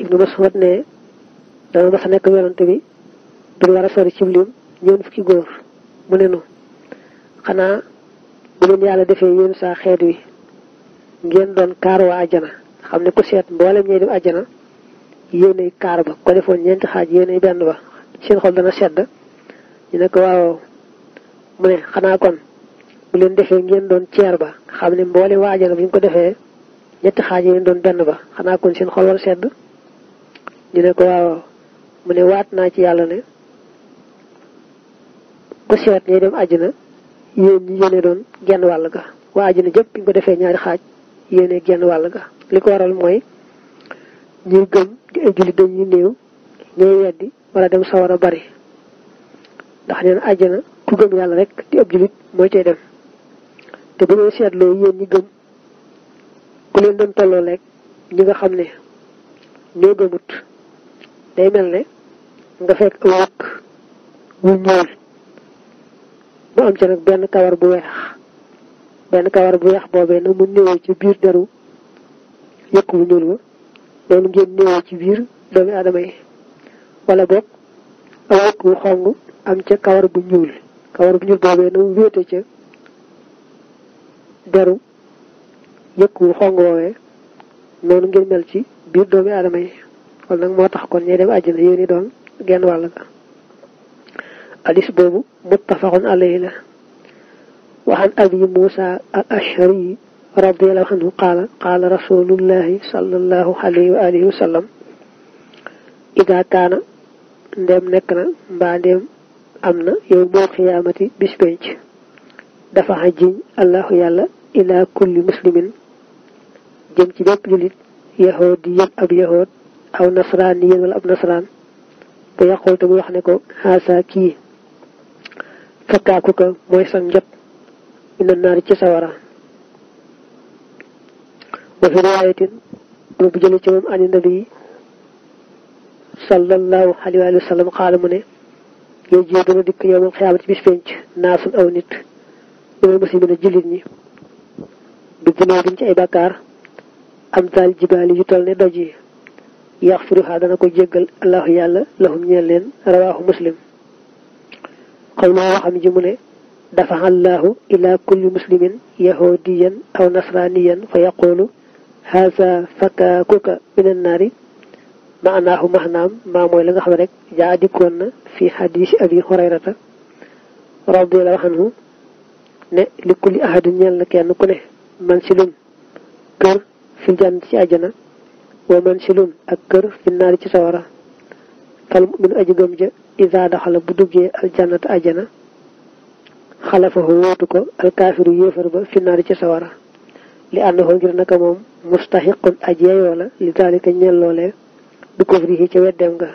ibnu Mas'ud ne dama mas a nekk werante bi du war a sori cib lim ñoom fukki góor mu ne nu xanaa bu leen yàlla defee yéen saa xeet wi ngeen doon kaar waa ajana xam ne ku seet mboolem ñooy dem ajana yéenay kaar ba ko defoon ñeenti xaaj yéenay benn ba seen xol dana sedd ñu ne ko waaw mu ne xanaa kon bu leen defee ngeen doon ceer ba xam ne mboole waa ajana bu ñu ko defee ñetti xaaj yéen doon benn ba xanaa kon seen xol war sedd ñu ne ko waaw mu ne waat naa ci yàlla ne ku seet ñay dem àjjana yéen ñi yéene doon genn wàll ga waa àjjana jëpp bi ñu ko defee ñaari xaaj yéene genn wàll ga li ko waral mooy ñuy gëm di ay jullit dañuy néew ñooy weddi wala dem sawar a bari ndax ajj na àjjana ku gëm yàlla rek di ab jullit mooy tey dem te bu ngeen seetloo yéen ñi gëm ku leen doon tolloo lekk ñi nga xam ne ñoo gëmut day mel ne nga fekk aw wëkk wu ñuul mu am ci nag benn kawar bu weex bu weex boobee nag mu néewoo ci biir deru yëkk bu ñuul ba loolu ngeen néewoo ci biir doomi aadama yi wala boog aw wëkk wu xong am ca kawar bu ñuul kawar bu ñuul boobee nag mu wéete ca deru yëkk wu xong woowee noonu ngeen mel ci biir doomi aadama yi loolu nag moo tax kon ñuy dem àjjana yow ni doon genn wàll ga hadis boobu muttafaqun alayhi la waxan abi muusa al ashari radiallahu anhu wa alihi wa sallam kaana ndem nekk na mbaa ndem am na yow moo xiyaamati bis penc dafa xajiñ allahu yàlla ila kulli muslimin jëm ci bépp jullit yahood ab yahood aw nasraaniyan wala ab nasraan bu yàqul te mu wax ne ko xaasa kii fakkaaku ka mooy sa njot ina naari ci sawara wa fi riwaayatin bu jële ci moom ani nabi sallallahu alayhi wa sallam xaala ne yow jie dana dikk yow moom xiyaamat ci bis aw nit ñunal mosi mën a jullit ñi bi ginoo biñ ci ay bàkkaar am daal jibaali yu ne doj yi yaxfiruha dana ko jéggal allahu yàlla lahum ñeel leen muslim dafa allahu ila kulli muslimin yahudiyan aw nasraniyan fa yaqulu haza fakaakuka minan naari maanaahu mahnaam maa mooy la nga xam rek jaa dikkoon fi xadiisi abi hurayrata radiyallahu anhu ne li kulli ahadin kenn ku ne man silum fi jànn ci àjjana wa ci sawara bu duggee aljannata ajana xalafahu wootu ko alkaafiru yéefar nga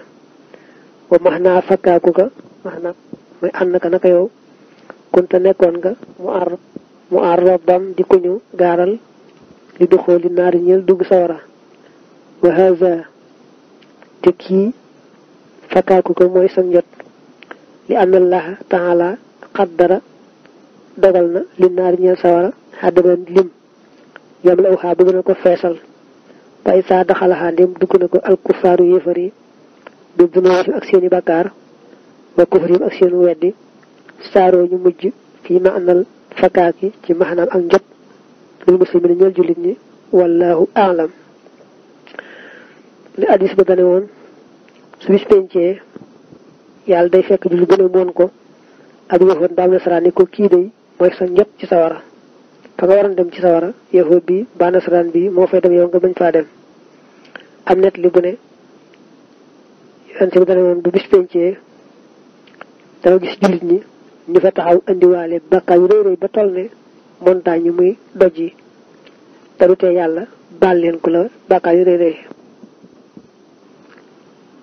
wa max naa fakkaaku ka max naa mooy ànd ka naka yow kunta nekkoon nga mu ar mu ar robbam di kuñu gaaral li duxoo li naari ñeel dugg sawara wa haza te kii fakaaku ko mooy sa njot li anna allaha taala qaddara dogal na li naari ñeel sawara xaddaman lim yam la uxaa bëgg na ko feesal bay saa daxalaxaa ndem dugg na ko alkufaaru yéefar yi bi bunowatim ak seeni bakkaar wa kufrim ak seenu weddi saaroo ñu mujj fii ma anal fakaaki ci maxanaam ak njot lil muslimin ñeel jullit ñi wallahu aalam li addis ba gane woon su bis yàlla day fekk bi lu gën a moon ko ab yahood mbaam nasaraan ni ko kii day mooy sa njot ci sawara fa nga waroon dem ci sawara yahood bi mbaa nasaraan bi moo fay dem yow nga bañ faa dem am net li bu ne yonent bi gane woon bu bis pencee dama gis jullit ñi ñu fa taxaw indiwaale bàkkaar yu rëy rëy ba toll ne montagne yi muy doj yi te yàlla baal leen ku la bàkkaar yu rëy rëy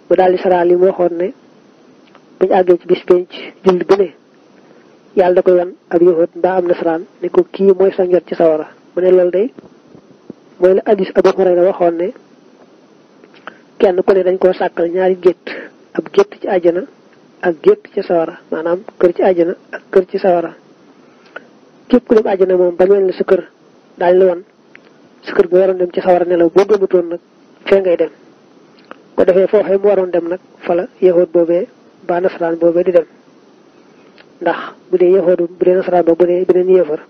mu daal di saraal yi mu waxoon ne buñu àggee ci bis penc julli bu ne yàlla da koy wan ab yahut mbaa am nasaraan ne ko kii mooy sa njot ci sawara mu ne loolu day mooy la addis Abu Hurayra waxoon ne kenn ku ne dañ koo sàkkal ñaari gétt ab gétt ci àjjana ak gétt ci sawara maanaam kër ci àjjana ak kër ci sawara képp ku dem àjjana moom bañ wañ la sa kër daañu la wan sa kër nga waroon dem ci sawara ne la boo gëmutoon nag fee ngay dem ko defee fooxee mu waroon dem nag fala yahood boobee ba nasaraan boobee di dem ndax bu dee yahood bu dee nasaraan ba beneen yéefar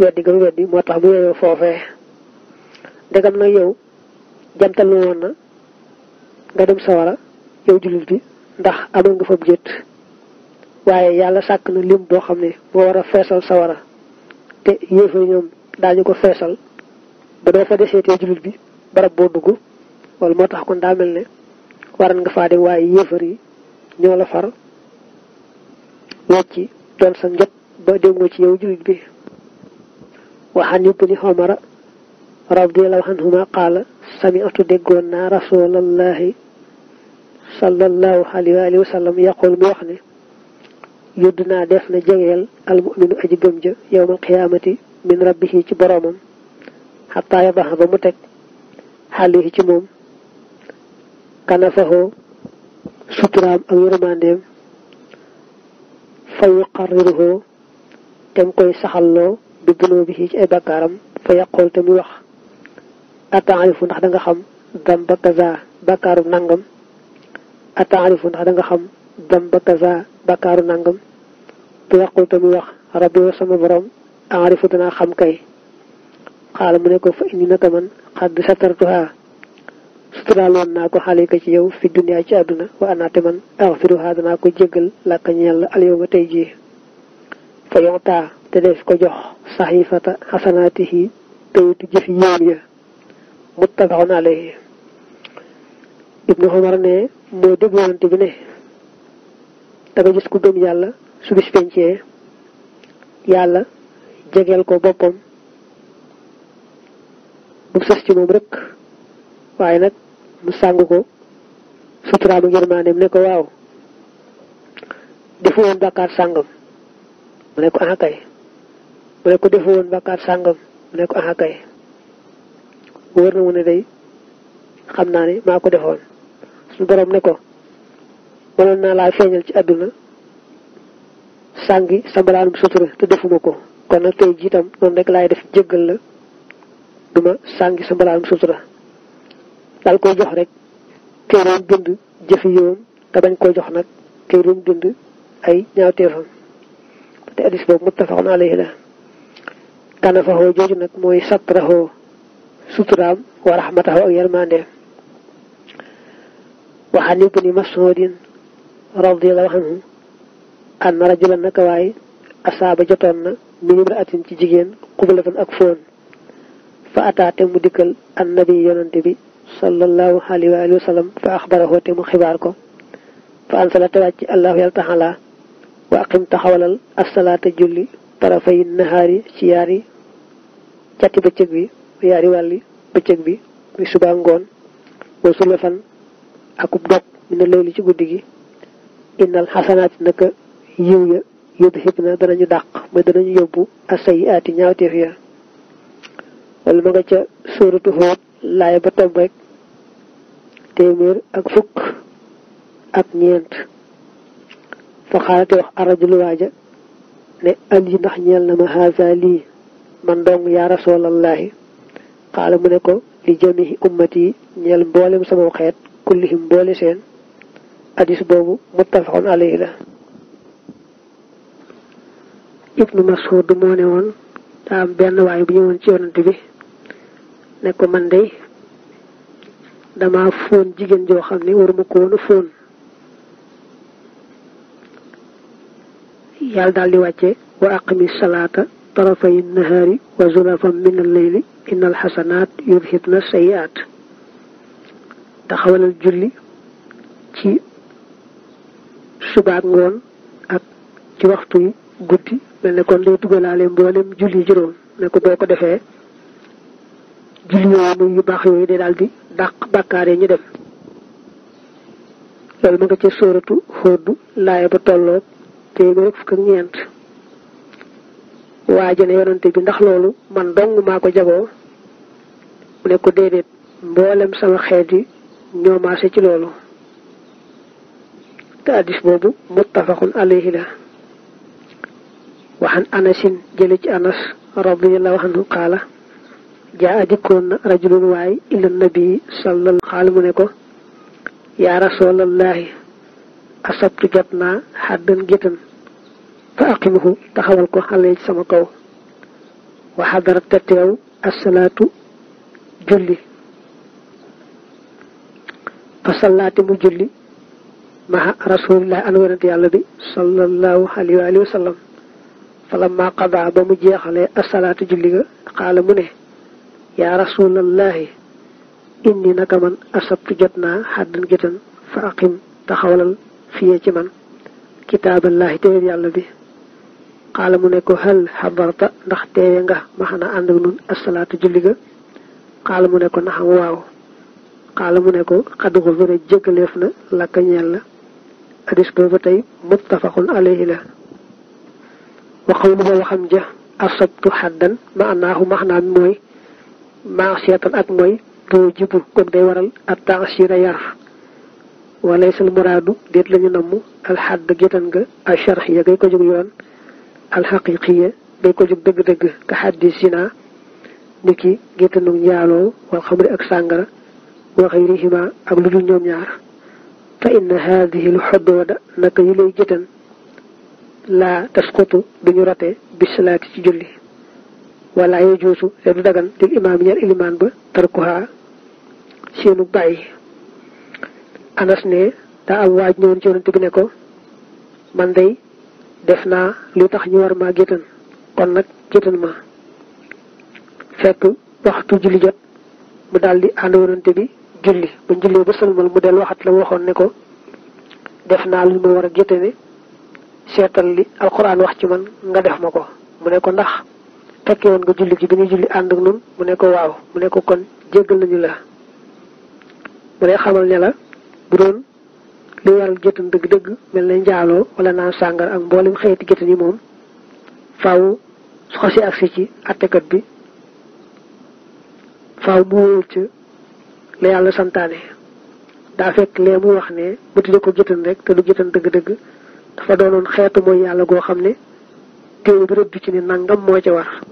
weddi nga mu weddi moo tax bu yeeyoo foofee ndegam nag yow jantal lu woon na nga dem sawara yow jullit bi ndax amal nga fab jët waaye yàlla sàkk na lim boo xam ne moo war a feesal sawara te yéefar ñoom daañu ko feesal ba doo fa deseetee jullit bi barab boo dugg loolu moo tax kon daa mel ne waran nga faa dem waaye yéefar yi ñoo la far wecci doon sa njot ba déggoo ci yaw jullit bi waxaan yubni omara radiallahu anhuma qaala sami'tu déggoon naa rasulallahi sallallahu alayhi wa yaqul mu wax ne yudd naa def na jegeel almuminu aji gëm ja yowmal min rabbihi ci boroomam xataa yabaxa ba mu teg xàllihi ci moom kanafahu suturaam ak yërmandeem fa yuqarriruhu te mu koy saxalloo bi dunoo bi ay bakkaaram fa yaqool te muy wax ataarifu ndax da xam dam ba kaza bakkaaru nangam ndax da nga xam dam ba kaza bakkaaru nangam fa yaqool te muy wax rabbi wa sama borom aarifu danaa xam kay xaala mu ne ko fa indi naka man xadd satartuha istadaaloon naa ko xale ko ci yow fi duniyaa ci àdduna wa anaate man axfiruha danaa ko jéggal làkk ñeel la alyow tey jii fa yontaa te def ko jox saxifata xasanaatihi kayitu jëfi yéen ya muttafaqun alayhi ibnu xomar ne moo dégg yonent bi ne danga gis ku gëm yàlla su bis pencee yàlla jegeel ko boppam bu sës ci moom rek waaye nag mu sàng ko suturaalu yërmaandeem ne ko waaw defu woon bàkkaar sàngam mu ne ko aha kay mu ne ko defu woon bàkkaar sàngam mu ne ko aha kay wóor na mu ne day xam naa ne maa ko defoon suñu borom ne ko mënoon naa laa feeñal ci àdduna sangi sa mbalaanum sutura te defuma ko kon nag tey jiitam noonu rek laay def jéggal la duma sàngi sa mbalaanum sutura daal koy jox rek kay dund jëfi yoon te bañ koy jox nag kay dund ay ñaawteefam te addis boobu muttafaqun alayhi la nag mooy satraxoo suturaam wa rahmataxoo ak yermandeem waxaan ibni mas'udin radiyallahu anhu anna rajulan naka waaye asaaba jotoon na min imraatin ci jigéen xubalatan ak foon fa ataate mu dikkal annabi yonante bi sallallahu alayhi wa alihi wa sallam fa axbarahu te mu xibaar ko fa ansala wàcc allahu yàlla taxala wa aqim taxawalal asalaata julli tarafay nahaari ci yaari cati bëccëg bi yaari wàlli bëccëg bi muy suba ngoon wa sulafan akub dog mi ne loolu ci guddi gi innal xasanaati naka yiw ya yóbbu xib na danañu dàq mooy danañu yóbbu asayi aati ñaawteef ya wala ma nga ca suuratu Huud laay ba topp rek téeméer ak fukk ak ñeent fa xaalate wax arajul waaja ne al ndax ñeel na ma haasa lii man dong yaa rasoolallahi xaala mu ne ko li jamihi ummati yi ñeel mboolem sama xeet kullihim mboole seen hadis boobu muttafaqun alayhi la ibnu Mas'ud moo ne woon daa benn waay bu ñëwoon ci yonante bi nekko man de dama fóon jigéen joo xam ne waruma ko woon a fóon yàlla wàcce wa aqimi salaata tarafay nahaari wa zulafan min al-layli innal xasanaat yudhibna sayyi'aat taxawalal julli ci subaak ngoon ak ci waxtu guddi mel loo kon day dugalaale mboolem julli juróom ne ko boo ko defee julli ñooñu yu baax yooyu day daal di dàq bàkkaar yi ñu def loolu ma nga ca sóoratu xóodu laaya ba tolloo téeméer fukk ak ñeent waaje ne yonante bi ndax loolu man dong maa ko jagoo mu ne ko déedéet mboolem sama xeet yi ñoo maase ci loolu te addis boobu muttafaqun alayhi la waxan anasin jële ci anas radiyallahu anhu qaala jaa dikkoon na rajulun waay ila nabi sallal xaal mu ne ko yaa rasulallaahi asabtu jot naa xaddan gétan fa aqimahu taxawal ko xale ci sama kaw wa xadara te teew asalaatu julli fa salaati mu julli maha rasulillah an wonante yàlla bi sallallahu alayhi wa sallam falamma qadaa ba mu jeexalee asalaatu julli nga xaala mu ne yaa rasulallahi indi naka man asabtu jot naa xaddan gétan fa aqim taxawalal fiye ci man kitaaballahi téeréb yàlla bi xaala mu ne ko hal xabarta ndax teewe nga ma xanaa ànd ak nun asalaatu julli ga xaala ne ko naxam waaw xaala mu ne ko xaduxu vëra jëggaleef na lakka ñeel la hadis boobu tey muttafaqun alayhi la waxaw lu waxam ja asabtu xaddan ma anaahu maxnaam mooy maasiyatan ak mooy doo jibbu kon day waral ak taasira yar wala sal muraadu déet lañu namm alxadd gétan nga al sharxiya gay ko jóg yoon alxaqiqiya gay ko jóg dëgg-dëgg ka xaddi sina ni ki gétanu njaaloo wal xamri ak sàngara wa xayrihima ak lu dul ñoom ñaar fa inna haadihi lu xoddooda naka yi lay gétan laa tasqutu duñu rate bisalaati ci julli wala yajuusu te du dagan lil imaam ñeel ilimaan ba tarkuha seenu bàyyi anas ne daa am waaj ñëwoon ci yonent bi ne ko man day def naa lu tax ñu war maa géttan kon nag géttan ma fekk waxtu julli jot mu daal di ànd yonent bi julli bu jullee ba sëlmal mu del waxat la waxoon ne ko def naa lu ma war a géttane seetal li alxuraan wax ci man nga def ma ko mu ne ko ndax fekke woon nga julli ji bi nga julli ànd ak nun mu ne ko waaw mu ne ko kon jéggal nañu la mu ne xamal ne la bu doon li waral jëtan dëgg-dëgg mel na njaaloo wala naan sàngar ak mboolem xeeti jëtan yi moom faaw su xasee ci attekat bi faaw mu wóor ca la yàlla santaane daa fekk lee mu wax ne mu tudde ko jëtan rek te du jëtan dëgg-dëgg dafa doonoon xeetu mooy yàlla goo xam ne téere bi rëdd ci ne nangam moo ca war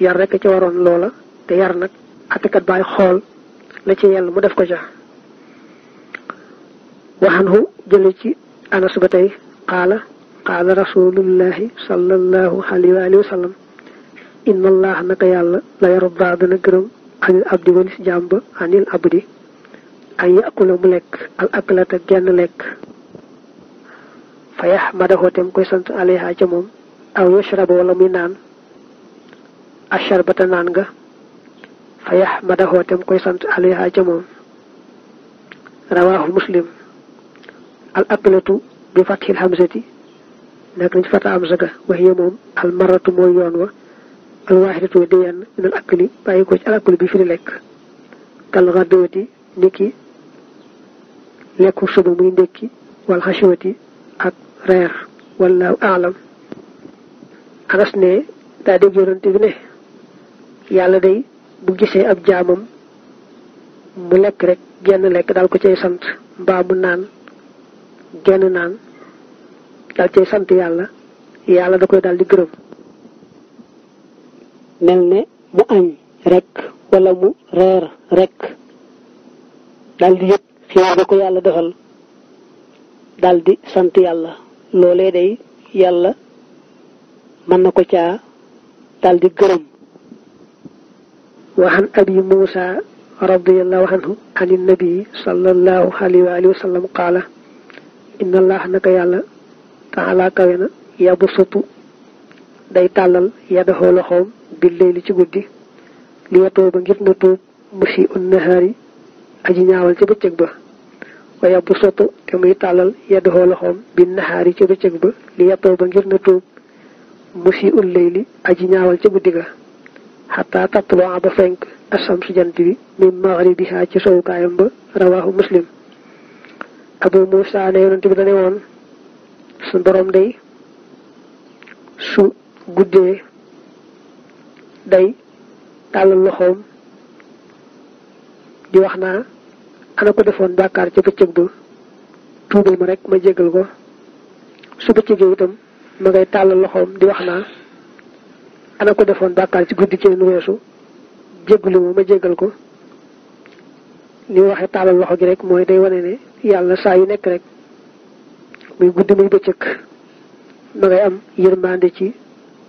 yar rek ci waroon loola te yar nag atekat baay xool la ci yell mu def ko ca waxanhu jële ci anas ba tey qaala qaala rasulullahi sallallahu alayhi wa alihi wa naka yàlla la yarda dana gërëm anil abdi walis jàmba anil abdi an yàqula mu lekk al aklata genn lekk fa yaxmadahu tem koy sant alayha ca moom aw yashraba wala muy naan acharbata naan nga fa yaxmadahu te mu koy sant alayha ca moom rawaahu muslim al aqlatu bi fathil hamzati nekk nañ fata hamza ga waxiye moom al maratu mooy yoon wa al waxidatu di yenn min al akli bàyyi ko al akli bi fi di lekk kal gadawati ni lekku suba muy ndékki wal xasiwati ak reer wallaahu aalam anas ne daa dégg yonante bi ne yàlla day bu gisee ab jaamam mu lekk rek genn lekk daal ko cay sant mbaa naan genn naan daal cay sant yàlla yàlla da koy dal di gërëm mel ne mu añ rek wala mu reer rek daal di yëg xiwaar da ko yàlla doxal daal di sant yàlla loolee day yàlla mën na ko caa daal di gërëm وعن أبي موسى رضي الله عنه عن النبي صلى day tàllal yadaxoo loxoom bi léegi ci guddi li yatoo ba ngir na tuub musi un nahaari aji ñaawal ci bëccëg ba waaye bu sotu te muy tàllal yadaxoo loxoom bi nahaari ci bëccëg ba li yatoo ba ngir na tuub musi un layli aji ñaawal ci guddi ga xataa tatluwa ba fenk asamsu jant bi min maghribiha ci sowukaayam ba rawaahu muslim abu muusa ne yonent bi dane woon su borom day su guddee day tàllal loxoom di wax naa ana ko defoon bàkkaar ca bëccëg ba tuubal ma rek ma jégal ko su bëccëgee itam ma ngay tàllal loxoom di wax naa ana ko defoon bàkkaar ci guddi ci lu weesu jéggalu ma ma jéggal ko ni mu waxee taabal loxo gi rek mooy day wane ne yàlla saa yu nekk rek muy guddi muy bëccëg ma ngay am yërmande ci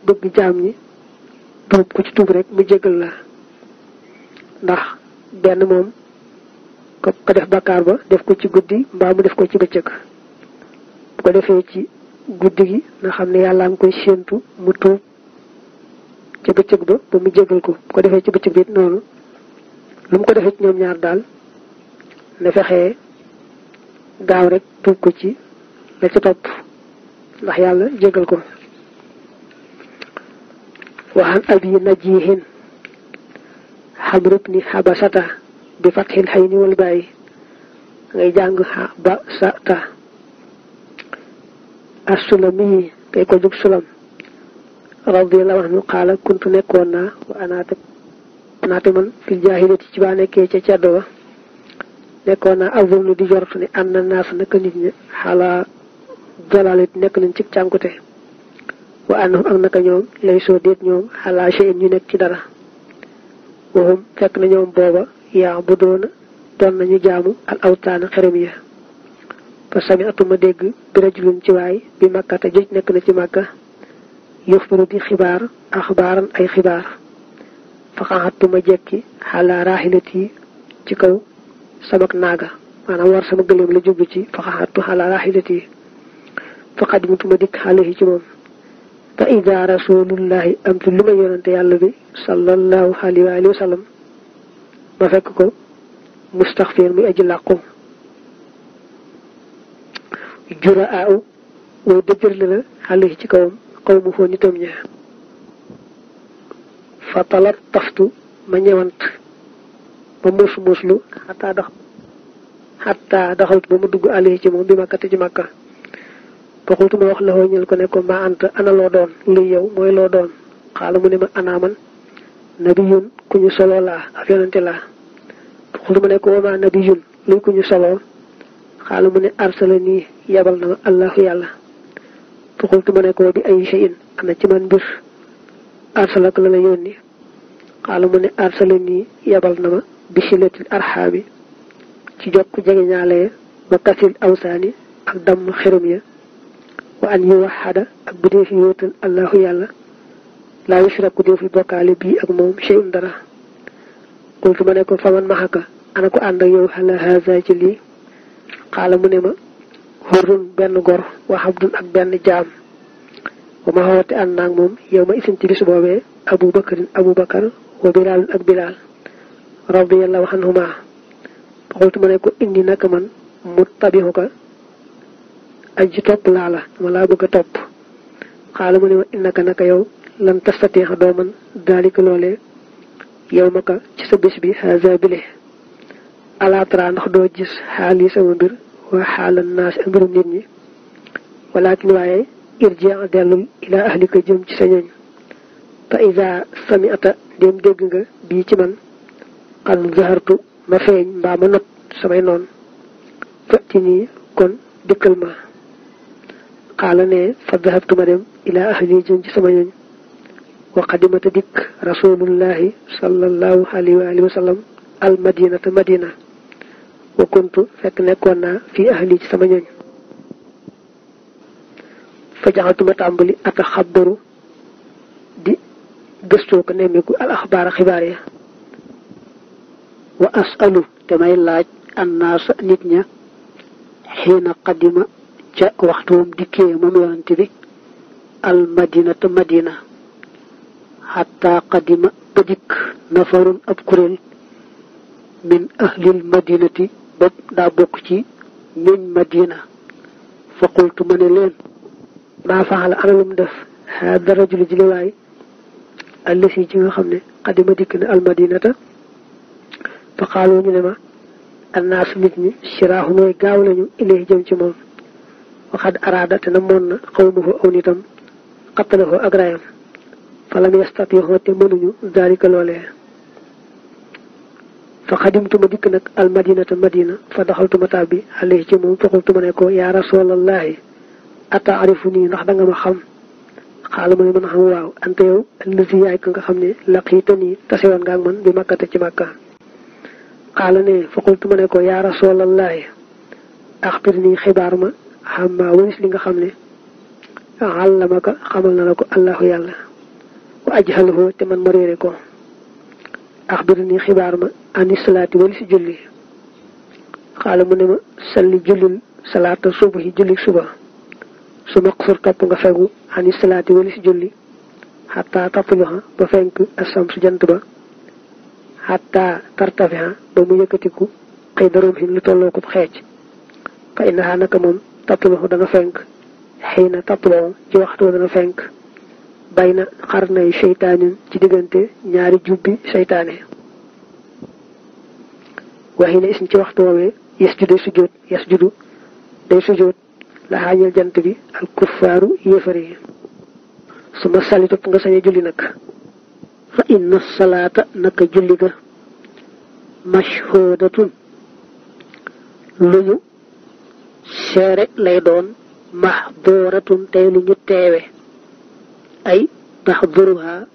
bëgg jaam yi tuub ku ci tuub rek mu jéggal la ndax benn moom ko ko def bàkkaar ba def ko ci guddi mbaa mu def ko ci bëccëg bu ko defee ci guddi gi nga xam ne yàlla ngi koy séentu mu tuub ci bëccëg ba ba mu jégal ko bu ko defee ci bëccëg bi noonu lu mu ko defee ci ñoom ñaar daal na fexee gaaw rek tuub ko ci la ca topp ndax yàlla jégal ko waxan abi najihin xamrub ni xabasata bi fatxil xay ni wal ngay jàng xabasata assulami kay ko jug sulam radiyallahu anhu qaala kuntu nekkoon naa wa anaata naate man fil jaahilati ci baa nekkee ca ceddo ba nekkoon naa avonu di jortu ne am na naas naka nit ñi xalaa jalaalit nekk nañ ci cànkute wa annahum ak naka ñoom lay soo déet ñoom xalaa shay'in ñu nekk ci dara waxum fekk na ñoom booba yaa bu doona doon nañu jaamu al awtaana xerem ya fa sami atuma dégg bi rajulun ci waay bi makkata joj nekk na ci màkka yëfbaru di xibaar axbaaran ay xibaar faxaxattu ma jekki xaalaa raaxilat yi ci kaw sabak naaga maanaam war sama gëléem la jublu ci faxaxattu xaalaa raaxilat yi faqadimtu ma dikk xaala yi ci moom fa ida rasulullahi am tu lu ma yonante yàlla bi sallallahu alayhi wa alihi ma fekk ko mustaxfir muy aji làqu jura aaw way dëjër la la ci kawam xawmu foo nitam ña fatalat taftu ma ñëwant ma muus muuslu xataa dax xataa daxaltu ba mu dugg alee ci moom bi makkati ci makka boxultu ma wax la xoo ñel ko ne ma ant ana loo doon lii yow mooy loo doon xaala ne ma anaaman nabiyun ku ñu soloo laa ak yonente laa boxultu ma ne ko wama nabiyun luy ku ñu soloo xaala ne arsala nii yabal na ma yàlla fa xultu ma ne ko bi ay shay'in ana ci man mbir arsalak la la yónni xaala mu ne arsala nii yebal na ma bi silatil arxaami ci jokk jege ñaale ba kasil awsaani ak damm xërëm ya wa an yu waxada ak bu dee fi wóotal allahu yàlla laa yushraku dee fi bokkaale bii ak moom shay'un dara xultu ma ne ko faman maxaka ana ko ànd ak yow xala haza lii xaala ne ma xurrun benn gor wa abdun ak benn jaam wa ma xawate ànd naag moom yow ma isin ci bis boobee abu bakarin abu bakar wa bilaalun ak bilaal radiyallahu anhuma xultu ma ne ko indi naka man mu tabixu ka aji topp laa la ma a topp xaala mu ne ma innaka naka yow lan tastateexa doo man daalika loolee yow ma ka ci sa bi xaasa ndax doo gis xaal sama mbir wa xaala naas ak nit ñi walakin waaye irjia dellum ilaa ahlika jëm ci sa ñooñ fa ida dem dégg nga bii ci man xan zahartu ma feeñ mbaa ma not samay noon fa ci nii kon dëkkal ma xaala ne fa zahartu ma dem ilaa ahli jëm ci sama ñooñ wa qadimata dikk rasulullahi sallallahu alayhi wa alihi al madinata madina wa kuntu fekk nekkoon naa fii ahli ci sama ñooñ fa jaxatuma tàmbali ata di gëstoo ko nemmeeku al axbaara xibaar ya wa asalu te may laaj annaasa nit ña xiina qadima ca waxtu moom dikkee moom yonante bi al madinata madina xataa qadima ba dikk nafarun ab kuréel min ahlil madinati ba daa bokk ci ñooñ madina fa qultu ma ne leen maa faxala analum def hada rajulu ji liwaay allasi ci nga xam ne xadima dikk na almadinata fa xaalu ñu ne ma annaasu nit ñi siraahu mooy gaaw nañu ilay jëm ci moom waxad araada te na moon na xawmahu aw nitam xattalahu ak rayam falam yastatioxo te mënuñu daalika loolee fa xadimtu ma dikk nag al madinata madina fa daxaltu ma tàbbi alayhi ci moom faxultu ma ne ko yaa rasulallahi ataarifu nii ndax da nga ma xam xaala mu ne mën xam waaw ante yow allazi yaay ka nga xam ne laqiita nii tasewoon nga ak man bi màkkate ci màkka xaala ne faxultu ma ne ko yaa rasulallahi axbir nii xibaar ma xam maa waris li nga xam ne xamal na la ko allahu yàlla wa ajhalahu te man ma réere ko axbirni xibaar ma ani salaati wali si julli xaala mu ne ma salli jullil salaata suba yi julli suba su ma xasur topp nga fegu ani salaati wali si julli xataa topp joxa ba fenk asam su jant ba xataa tartafiha ba mu yëkkatiku xëy daroom xin lu tolloo ko xeec fa innaha naka moom topp joxu dana fenk xëy na topp joxu ci waxtu dana fenk bay na xar nay seytaanin ci diggante ñaari jubbi seytaane waxi isin ci waxtu woowee yes ju day sujjóot yes juddu day sujjóot la jant bi al kuffaaru yéefare yi su ma sali topp nga sañee julli nag fa inna salaata naka julli ga mashhudatun lu seere lay doon mahduratun tey lu teewe ay taxduruha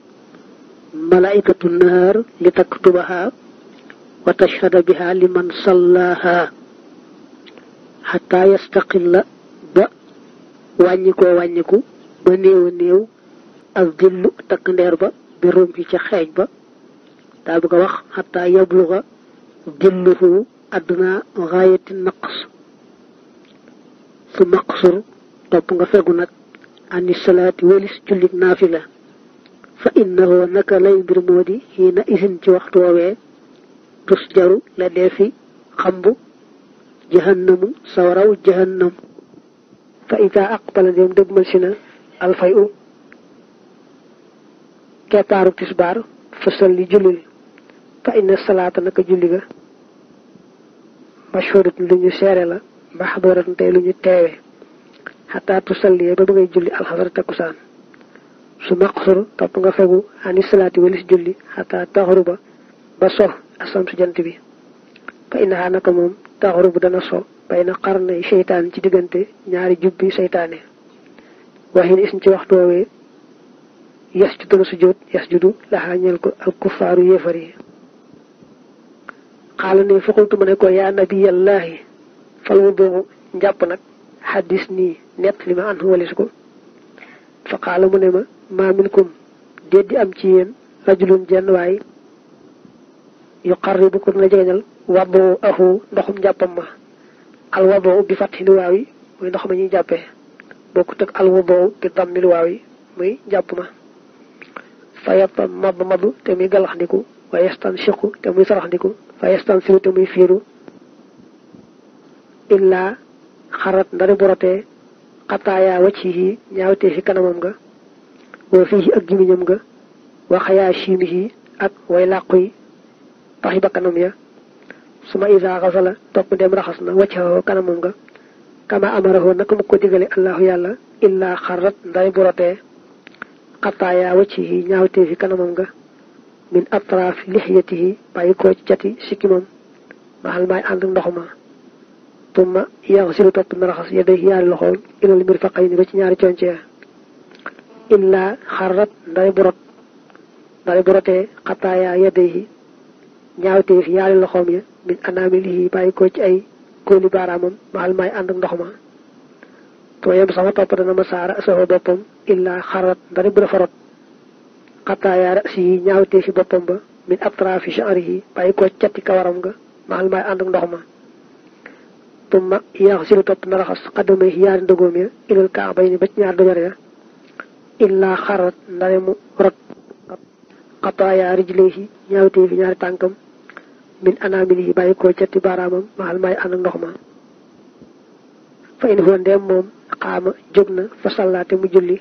malaikatu naar li taktubaha wa tashhada biha liman sallaha xata yastaqilla ba wàññikoo wàññiku ba néew a néew dillu takk ndeer ba bi rom ca xeej ba daa bëgg a wax xata yabluga dilluhu adna gaayati naqs su maqsur topp nga fegu nag ani salaati walis jullit naafila fa innahu naka lay mbir moo di xiina isin ci waxtu woowee tus jaru la dee fi xambu jahannamu sawaraw jahannam fa ita aqbala dem dëgmal si na alfay u keppaaru tisbaar fësal li jullil fa inna salaata naka julli ga mashhuratun lu ñu seere la mahduratun tey lu ñu teewe xataa tusalli ba ba ngay julli alxasar takkusaan su maqsur topp nga fegu ani salaati walis julli xataa taxruba ba so asam su jant bi fa innahaa naka moom taxrubu dana so bay na xarnay seytaan ci diggante ñaari jubbi seytaane waxin is ci waxtu woowee yes ju dana sujjóot yes judu laxaa ñeel ko al kuffaaru yéefar yi xaala ne fuqultu ma ne ko yaa fal wu boobu njàpp nag xaddis nii nett li ma an walis ko fa qaala mu ne ma maa minkum déet di am ci yéen rajulun jenn waay yu qarribukum dina jegeñal waboo ahu ndoxum njàppam ma al waboo bi fàttali waaw yi muy ndox ma ñuy jàppee bokkut ak al waboo bi dammil waaw yi muy njàpp ma fa yàppam mab mab te muy galaxndiku fa yastan siqu te muy saraxndiku fa yastan siru te muy fiiru illaa xarat ndari borotee xataaya wacc yi ñaawtee fi kanamam nga wa fii ak gémmiñam nga waxayaa chimi yi ak way làqu yi paxi ba kanam ya suma isa xasala topp ndem raxas na waccaoo kanamam nga kama amarahoo naka mu ko digale allahu yàlla illaa xarrat nday bu xataaya wacc yi ñaawtee fi kanamam nga min atraaf lixyati yi bàyyi ko ci cati sikkimam maxal maay ànd ndox tumma yaxsilu topp na raxas yadayhi yaari loxoom ilal mirfaqayni ba ci ñaari conceer illaa xarrat nday bu rot nday bu rotee xataayaa yadayhi ñaawteef yaari loxoom ya min anaamilihi bàyyi ko ci ay kóoli baaraamam maxal maay ànd ndox ma tooyam sama topp dana ma saara soxo boppam illaa xarrat nday bu dafa rot xataayaa rasi yi ñaawteefi boppam ba min atraafi sha'rihi bàyyi ko cati kawaram nga maxal maay ànd ndox ma tumma yaxsilu topp na raxas xaddamay yaari ndogoom ya ilal kaabay ni ba ci ñaar dojar ya illaa xarat ndare mu rot xataaya rijlayhi ñaawtee fi ñaari tànkam min anaamil yi bàyyi ko catti baaraamam maxal may ànd ndox ma fa in huwa ndeem moom xaama jóg na fa sàllaate mu julli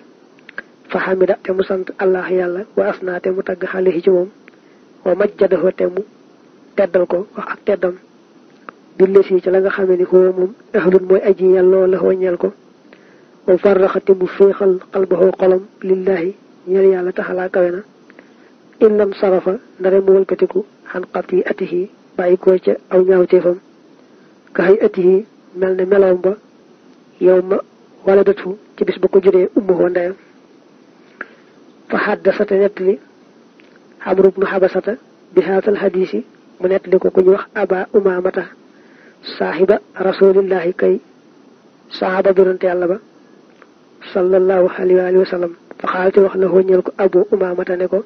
fa xamida te mu sant allah yàlla wa asnaate mu tagg xale ci moom wa majjadahu te mu teddal ko wax ak teddam billa fii ci la nga xamee ni ko moom ahlun mooy aji yàlloo la waññeel ko wa farraxati mu féexal xalbaxoo xolom lillaahi ñeel yàlla taxalaa kawe na innam sarafa ndare mu walkatiku xan yi atihi bàyyi koo ca aw ñaawteefam ka xay atihi mel ne meloom ba yow ma wala datu ci bis ba ko judee ummuhoo ndeyam fa xaddasata nett li xamru bnu bi haatal xadiisi mu nett ko ku ñu wax aba umaamata saaxiba rasulillahi kay saxaaba bi yonent yàlla ba sallallahu alayhi wa sallam fa xaalati wax la wëññal ko abu umaamata ne ko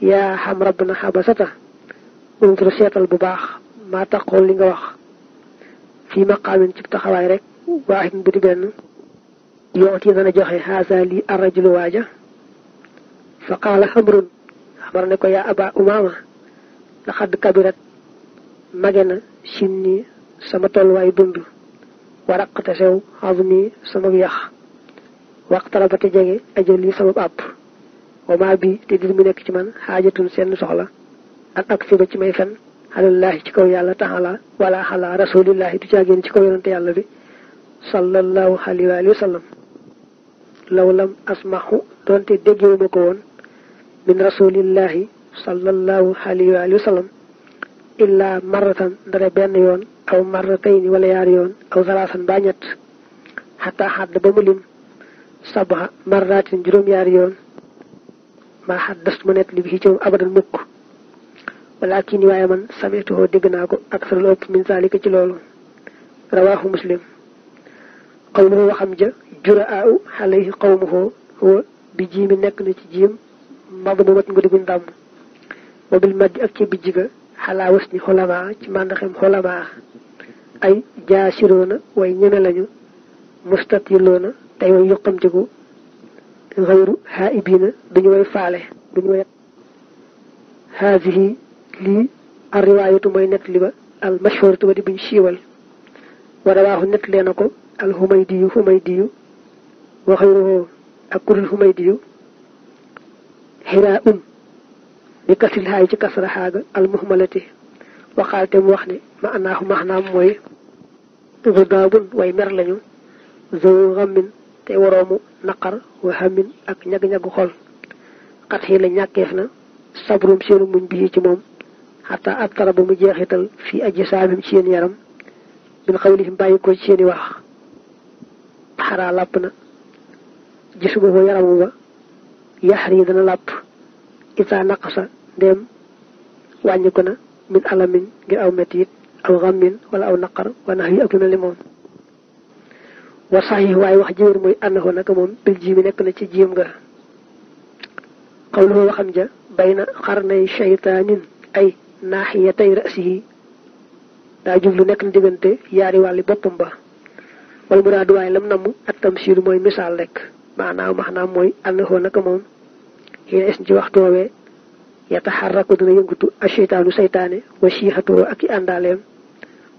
yaa xam rab na xabasata untur seetal bu baax maa taxool li nga wax fii maqaamin ci taxawaay rek waaxin bu di benn yooti dana joxe haasa lii arrajulu waaja fa qaala xamrun xamar ko yaa aba umaama laxad kabirat mage sinni sama tolluwaay dund waraqte sew azmi sama yax waxtala ba te jege ajal yi sama àpp wama bi te dir mu nekk ci man xaajatun seen soxla ak ak fi ci may fen xalallahi ci kaw yàlla taxala wala xalaa rasulillahi du caagéen ci kaw yonante yàlla bi sallallahu alayhi wa alihi wa sallam law lam asmahu doonte déggewuma ko woon min rasulillahi sallallahu alayhi wa alihi wa sallam illa marratan yoon aw marratayni wala yaari yoon aw salaasan ba ñett xataa xadd ba mu lim sabha marratin juróom-yaari yoon maa xaddas ma nekk li bi ci abadan mukk walakin waaye man sametuhoo dégg naa ko ak sa lu ëpp min zalika ci loolu rawaahu muslim qawluhu waxam ja jura'u alayhi qawmuhu huwa bi jiimi nekk na ci jiim mabmumat nga diguñ dàmm wa bil maddi ak ci bijjiga xalaa wasni xulamaa ci màndaxem xulamaa ay jaasiroona way ñeme lañu mustatiloona tey way yuqamtiku xayru haa ibiina duñu way faale duñu way haasihi lii arriwaayatu mooy nett li ba al mashhuratu ba di buñ siiwal wara waaxu nett lee ko al humaydiyu humaydiyu wa xayruhu ak kuril humaydiyu xiraa un bi kasil xaay ci kasra xaaga almuhmalati waxaal te mu wax ne ma anaahu maxnaam mooy zudaabun way mer lañu zow xamin te waroomu naqar wa xamin ak ñag-ñagu xol xat xii la ñàkkeef na sabrum seenu muñ bii ci moom xataa ab tara ba mu jeexital fii aji saabim ci seen yaram min xawlihim bàyyi ko ci seen i wax xaraa làpp na gisuma ko yaramu ba yaxar yi dana làpp isaa naqasa ndéem wàññi na min alamin ngir aw mettit aw xammin wala aw naqar wanax yi ak lu mel ni war sax yi waaye wax jiwér mooy ànnaxoo naka moom bil ji mi nekk na ci jiim nga xaw lu waxam ja bay na xar nay cheytaanin ay naaxiya tay rasi yi daa jublu nekk na diggante yaari wàlli boppam ba wala mu raadu waaye lam namm ak tamsiir mooy misaal rek maanaam maanaam mooy ànnaxoo naka moom yéen is ci waxtu woowee yataxarraku dina yëngatu asheytaanu seytaane wa siixatoo ak i àndaaleem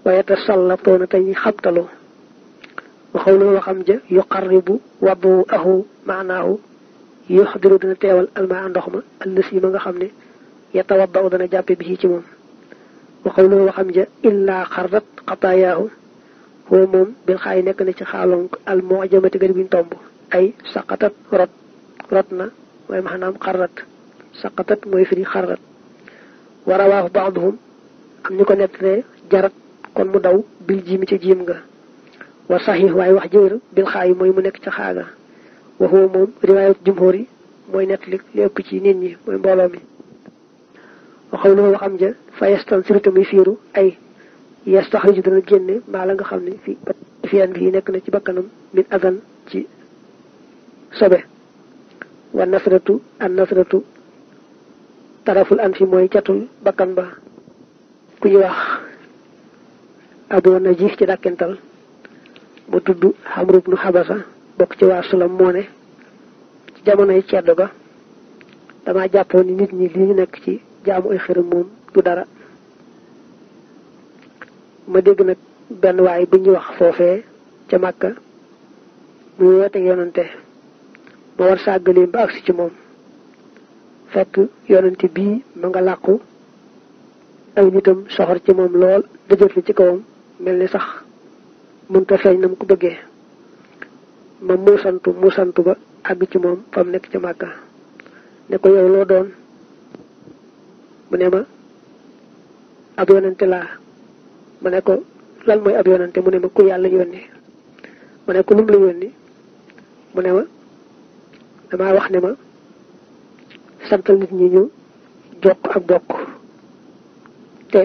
wa yatasallatoona te ñuy xabtaloo waxaw loo waxam ja yuqarribu wabbu ahu maanaahu yuxdiru dina teewal almaa ndox ma allasi ma nga xam ne yatawaddaw dana jàppe bi ci moom waxaw loo waxam ja illaa xarrat xataayaahu foo moom bil xaay nekk na ci xaalonk al moo jamati gën guñ tomb ay saqatat rot rot na waaye maanaam xarrat saqatat mooy firi xarrat wa rawaahu baaduhum am ñu ko nettalee jarat kon mu daw bil jiimi ci jiim nga wa saxiix waaye wax jëwër bil xaa mooy mu nekk ci xaaga waxoo moom riwaayat jumhóor yi mooy nettali li ëpp ci nit ñi mooy mbooloo mi waxaw lu waxam ja fa yestan sirita muy fiiru ay yastaxriju dana génne maa la nga xam ne fi fiyan bi nekk na ci bakkanam min azan ci sobe wa nasratu an nasratu taraful an fi mooy catul bakkan ba ku ñu wax abu najih ci dàkkental mu tudd xamru bnu xabasa bokk ci waa sulam moo ne ci jamonoy ceddo ga dama jàppoon ni nit ñi li nekk ci jaamu ay xërëm moom du dara ma dégg na benn waay bu ñuy wax foofee ca màkka muy woote yonante ma war sàggaleem ba agsi ci moom fekk yonent bii ma nga làqu ay nitam soxor ci moom lool dëjër li ci kawam mel ni sax mënta feeñ na mu ko bëggee ma muusantu muusantu ba àgg ci moom fam nekk ci màkka ne ko yow loo doon mu ne ma ab yonante laa ma ne ko lan mooy ab yonante mu ne ma ku yàlla yónni ma ne ko lum la yónni mu ne ma damaa wax ne ma santal nit ñi ñu jokk ak bokk te